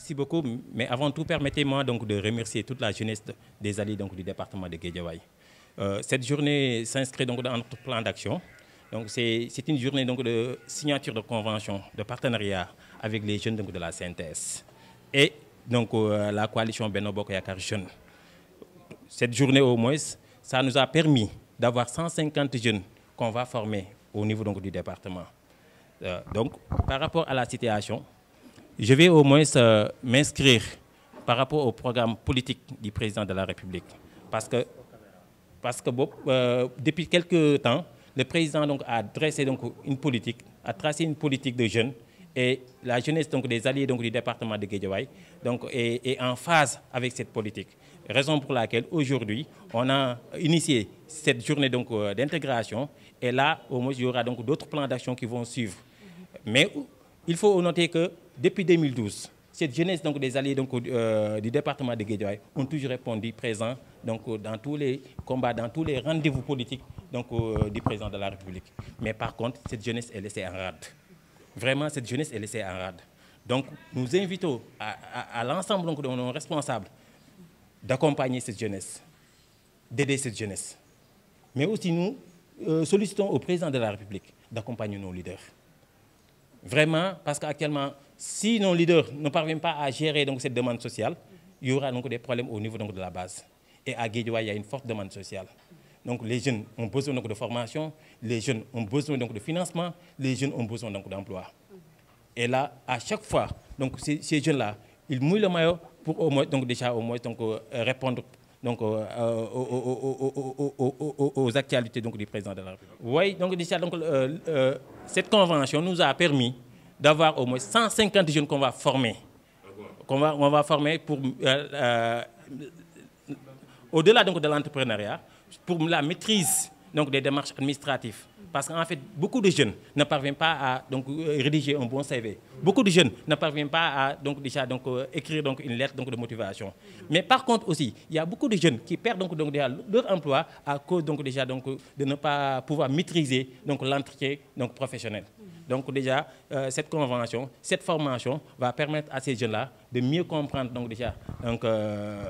Merci beaucoup. Mais avant tout, permettez-moi donc de remercier toute la jeunesse des alliés donc, du département de Guédiawaye. Euh, cette journée s'inscrit donc dans notre plan d'action. Donc c'est une journée donc de signature de convention, de partenariat avec les jeunes donc, de la CNTS et donc euh, la coalition Benobok Yakar Jeunes. Cette journée au moins, ça nous a permis d'avoir 150 jeunes qu'on va former au niveau donc, du département. Euh, donc par rapport à la situation, je vais au moins euh, m'inscrire par rapport au programme politique du président de la République. Parce que, parce que euh, depuis quelques temps, le président donc, a dressé donc, une politique, a tracé une politique de jeunes et la jeunesse donc, des alliés donc, du département de Guédiawaï donc, est, en phase avec cette politique. Raison pour laquelle aujourd'hui, on a initié cette journée euh, d'intégration et là, au moins, il y aura d'autres plans d'action qui vont suivre. Mais il faut noter que depuis 2012, cette jeunesse donc, des alliés euh, du département de Guédiawaye ont toujours répondu présent euh, dans tous les combats, dans tous les rendez-vous politiques donc, euh, du président de la République. Mais par contre, cette jeunesse est laissée en rade. Vraiment, cette jeunesse est laissée en rade. Donc, nous invitons à, l'ensemble de nos responsables d'accompagner cette jeunesse, d'aider cette jeunesse. Mais aussi, nous sollicitons au président de la République d'accompagner nos leaders. Vraiment, parce qu'actuellement, si nos leaders ne parviennent pas à gérer donc, cette demande sociale, il y aura donc des problèmes au niveau donc, de la base. Et à Guédioua, il y a une forte demande sociale. Donc les jeunes ont besoin donc, de formation, les jeunes ont besoin donc, de financement, les jeunes ont besoin donc, d'emploi. Et là, à chaque fois, donc, ces, ces jeunes-là, ils mouillent le maillot pour au moins, donc, déjà au moins donc, euh, répondre donc, euh, euh, aux, actualités donc, du président de la République. Oui, donc, donc, euh, cette convention nous a permis d'avoir au moins 150 jeunes qu'on va former. Qu'on va, on va former pour, au-delà donc, de l'entrepreneuriat, pour la maîtrise donc des démarches administratives. Parce qu'en fait, beaucoup de jeunes ne parviennent pas à donc, euh, rédiger un bon CV. Beaucoup de jeunes ne parviennent pas à donc, déjà donc, euh, écrire donc, une lettre donc, de motivation. Mais par contre aussi, il y a beaucoup de jeunes qui perdent donc, donc, leur emploi à cause donc, déjà, donc, de ne pas pouvoir maîtriser l'entretien donc, professionnel. Donc déjà, euh, cette convention, cette formation va permettre à ces jeunes-là de mieux comprendre donc déjà donc, euh,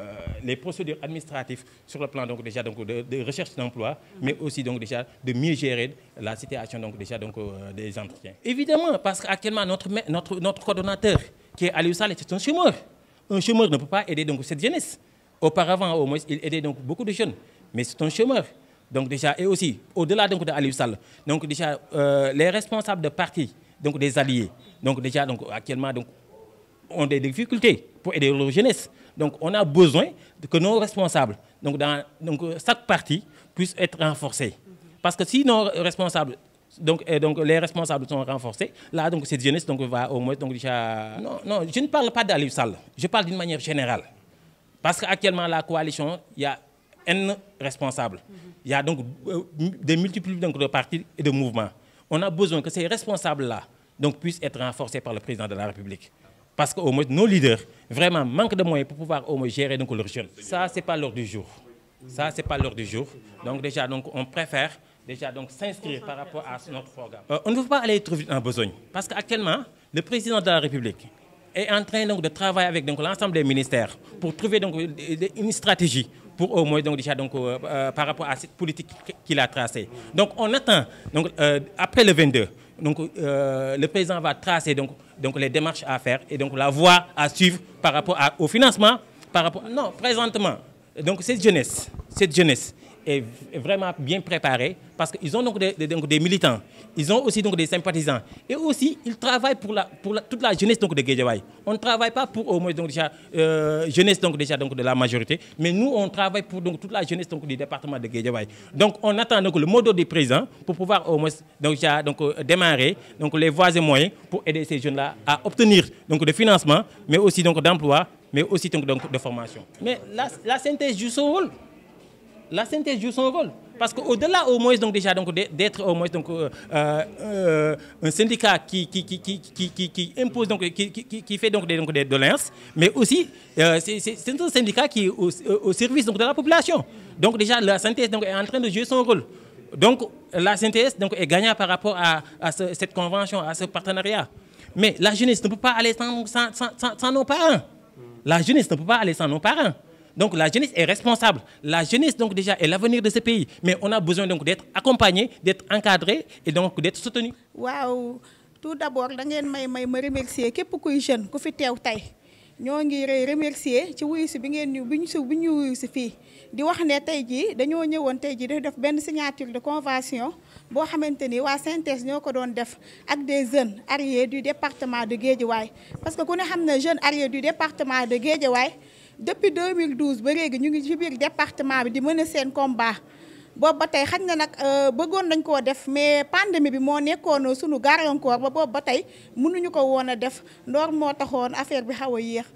les procédures administratives sur le plan donc déjà donc de, recherche d'emploi, mhm. mais aussi donc déjà de mieux gérer la situation donc déjà donc euh, des entretiens. Évidemment, parce qu'actuellement notre notre notre coordonnateur qui est à c'est un chômeur. Un chômeur ne peut pas aider donc cette jeunesse. Auparavant, au moins, il aidait donc beaucoup de jeunes, mais c'est un chômeur. Donc déjà, et aussi, au-delà donc de Aliou Sall, donc déjà, euh, les responsables de parti, donc des alliés, donc déjà, donc actuellement, donc, ont des difficultés pour aider leur jeunesse. Donc on a besoin que nos responsables, donc, dans, donc chaque parti, puisse être renforcés Parce que si nos responsables donc, et donc les responsables sont renforcés. Là, donc, cette jeunesse donc, va au moins donc, déjà... Non, non, je ne parle pas d'Aliou Sall. Je parle d'une manière générale. Parce qu'actuellement, la coalition, il y a un responsable. Il y a donc euh, des multiples de partis et de mouvements. On a besoin que ces responsables-là puissent être renforcés par le président de la République. Parce que nos leaders, vraiment, manquent de moyens pour pouvoir gérer donc, leurs Ça, ce n'est pas l'heure du jour. pas du jour. Donc déjà, on préfère déjà s'inscrire par rapport à notre programme. Euh, on ne veut pas aller trop vite en besogne parce qu'actuellement, le président de la République est en train de travailler avec l'ensemble des ministères pour trouver euh, une stratégie pour au moins donc déjà donc euh, euh, par rapport à cette politique qu'il a tracée. Donc on attend donc euh, après le 22 donc le président va tracer donc donc les démarches à faire et donc la voie à suivre par rapport au financement par rapport non présentement donc cette jeunesse cette jeunesse est vraiment bien préparée parce qu'ils ont donc des, donc des militants ils ont aussi donc des sympathisants. Et aussi, ils travaillent pour, la, pour toute la jeunesse donc, de Guédiawaye. On ne travaille pas pour au moins donc, déjà, euh, jeunesse donc, déjà, donc, de la majorité, mais nous, on travaille pour donc, toute la jeunesse donc, du département de Guédiawaye. Donc, on attend donc, le mot de présent pour pouvoir au moins donc, déjà, donc, euh, démarrer donc, les voies et moyens pour aider ces jeunes-là à obtenir donc, de financement, mais aussi donc, d'emploi, mais aussi donc, donc, de formation. Mais la, synthèse du sol la synthèse joue son rôle. Parce qu'au-delà, au moins, donc, déjà, donc, d'être au moins donc, euh, euh, un syndicat qui, qui, qui, qui, qui impose, donc, qui, fait donc, des, donc, des doléances, mais aussi, euh, c'est un syndicat qui est au, service donc, de la population. Donc, déjà, la synthèse donc, est en train de jouer son rôle. Donc, la synthèse donc, est gagnante par rapport à, à cette convention, à ce partenariat. Mais la jeunesse ne peut pas aller sans, sans, sans, sans nos parents. La jeunesse ne peut pas aller sans nos parents. Donc la jeunesse est responsable. La jeunesse donc déjà est l'avenir de ce pays. Mais on a besoin donc d'être accompagné, d'être encadré et donc d'être soutenu. Waouh Tout d'abord, je me remercier beaucoup les jeunes qui ont été ñoo ngi remercier ci wuyu si bi ngeen ñu nous, su nous, bi nous, wuyu di wax ne tay ji dañoo ñëwoon tay ji def ben signature de convention boo xamante ni waa synthèse ñoo ko doon def ak des jeunes arriérés du département de Guédiawaye parce que ku ne xam ne jeune arrière du département de Guédiawaye depuis 2012 ba léegi ñu ngi ci biir département bi di mën seen combat boobu ba tey xañ na nag euh, bëggoon nañ koo def mais pandémie bi moo nekkoon suñu gàllankoor ba boobu ba tey mënuñu ko woon def ndoor moo taxoon affaire bi xaw a yéex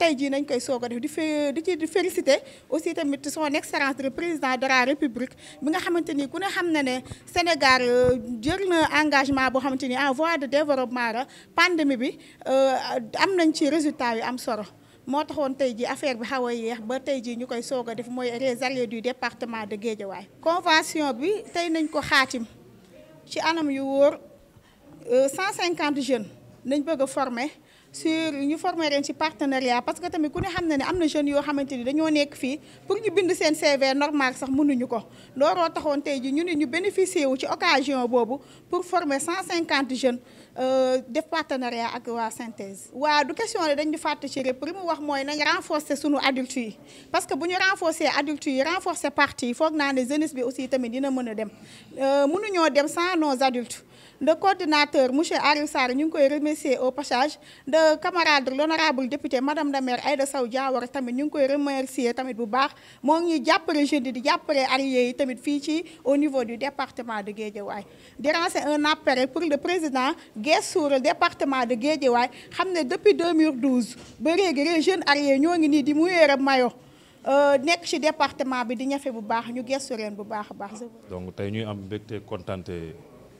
tey jii nañ koy soog a def di di félicité aussi tamit son excellent président de la république bi nga xamante ni ku ne xam na ne Sénégal euh, jël na engagement boo xamante ni en voie de développement la pandémie bi euh, am nañ ci résultat yu am solo moo taxoon tey ji affaire bi xaw a ba tey ji ñu koy def moy les du département de Guédiaway convention bi tay nañ ko xaatim ci anam yu wor 150 euh, jeunes nañ bëgg a former sur ñu former ci partenariat parce que tamit ku ne xam na ne am na jeune yoo xamante ni dañoo nekk fii pour ñu bind seen CV normal sax mënuñu ko looloo taxoon tey ji ñu ne ñu bénéficier wu ci occasion boobu pour former 150 jeunes euh, def partenariat ak waa synthèse waaw du question ne dañ di fàtte ci rek li mu wax mooy nañ renforcer sunu adultes yi parce que bu ñu renforcer adultes yi renforcer parti yi foog naa ne jeunesse bi aussi tamit dina mën a dem euh, mënuñoo dem sans nos adultes le coordinateur monsieur Aliou Sarr ñu ngi koy remercier au passage de camarade l'honorable député madame la maire Aïda Sow Diawara tamit ñu ngi koy remercier tamit bu baax moo ngi ñuy jàppale di jàppale alliés yi tamit fii ci au niveau du département de Guédiawaye di lancer un appel pour le président gestu le département de Guédiawaye xam ne depuis 2012 ba léegi les jeune alliés ñoo ngi nii di muyéer a mayo euh, nekk ci département bi di ñafe bu baax ñu gestu leen bu baax a baax donc tey ñuy am mbégte kontante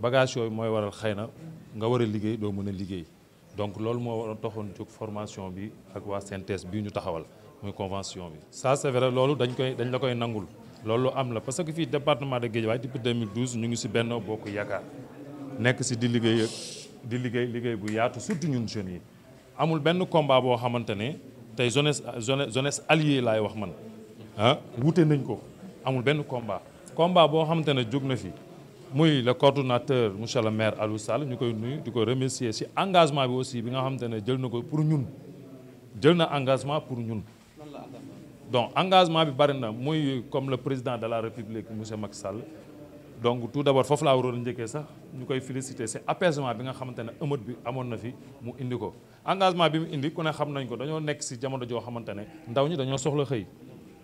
bagage yooyu mooy waral xeyna nga war a do meuna mën donc loolu mo war taxone ci formation bi ak wa synthèse bi ñu taxawal muy convention bi ça c'est vrai loolu dañ koy dañ la koy nangul loolu am la parce que fi département de Guédiawaye depuis 2012 ñu ngi ci Benno Bokk Yaakaar nek ci di liggéey di liggéey liggéey bu yaatu surtout ñun jeune yi amul benn combat bo xamantene tay jeunesse jeunesse allié lay wax man hein ah, wouté nañ ko amul benn combat combat bo xamantene ne na fi muy le coordinateur, monsieur le maire Aliou Sall ñu koy nuyu di ko remercier ci engagement bi aussi bi nga xamante ne jël na ko pour ñun jël na engagement pour ñun donc engagement bi bari na muy comme le président de la république monsieur Macky Sall donc tout d'abord foofu laa waroon njëkkee sax ñu koy féliciter c'est apaisement bi nga xamante ne émeute bi amoon na fi mu indi ko engagement bi mu indi ku ne xam nañ ko dañoo nekk ci jamono joo xamante ne ndaw ñi dañoo soxla xëy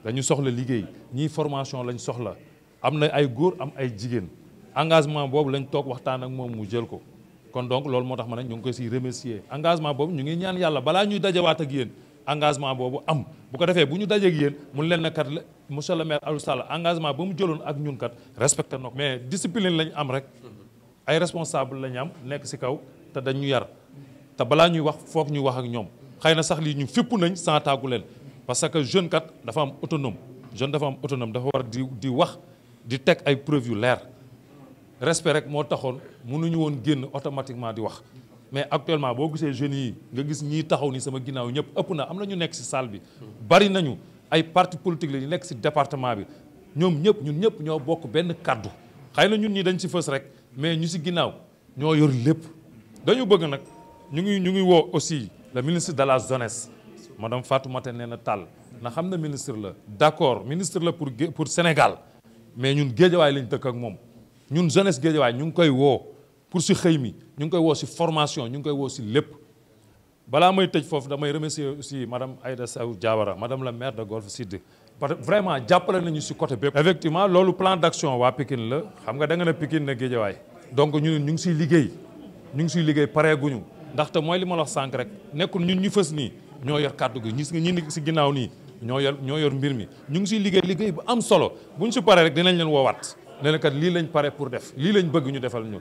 dañu soxla liggéey ñii formation lañ soxla am na ay góor am ay jigéen engagement bobu lañ tok waxtaan ak mom mu jël ko kon donc lool motax man ñu ngi si remercier engagement bobu ñu ngi ñaan yalla bala ñuy dajawaat ak yeen engagement bobu am bu ko défé bu ñu ak yeen mu leen na kat monsieur le maire alou Sall engagement bu mu jëlun ak ñun kat respecté nok mais discipline lañ am rek ay responsable lañ am nek ci kaw te dañ yar te bala ñuy wax fook ñu wax ak ñom xeyna sax li ñu fepp nañ sans tagu leen parce que jeune kat dafa am autonome jeune dafa am autonome dafa war di di wax di tek ay preuve yu lèr respect rek moo taxoon mënuñu woon génn automatiquement di wax mais actuellement boo gisee jeunes yi nga gis ñii taxaw ni sama ginnaaw ñëpp ëpp na am na ñu nekk ci salle bi bari nañu ay parti politique la ñu nekk ci département bi ñoom ñëpp ñun ñëpp ñoo bokk benn kàddu xëy na ñun ñi dañ si fës rek mais ñu si ginnaaw ñoo yor lépp dañu bëgg nag ñu ngi ñu ngi woo aussi le ministre de la jeunesse madame Fatoumata Néné Tall na xam na ministre la d'accord ministre la pour pour Sénégal mais ñun Guédiawaye lañ dëkk ak moom ñun jeunesse Guédiawaye ñu ngi koy woo pour si xëy mi ñu ngi koy woo si formation ñu ngi koy woo si lépp balaa may tëj foofu damay remercier aussi madame Aïda Sow Diawara madame la maire de Golf Sud parce que vraiment jàppale nañu si côté bépp effectivement loolu plan d'action waa Pikine la xam nga da nga ne Pikine na Guédiawaye donc ñun ñu ngi siy liggéey ñu ngi siy liggéey pareeguñu ndaxte mooy li ma la wax sànq rek nekkul ñun ñu fës nii ñoo yor kàddu gi gis nga ñi si ginnaaw nii ñoo yor ñoo yor mbir mi ñu ngi siy liggéey liggéey bu am solo buñ si paree rek dinañ leen woowaat ne kat lii lañ pare pour def lii lañ bëgg ñu defal ñu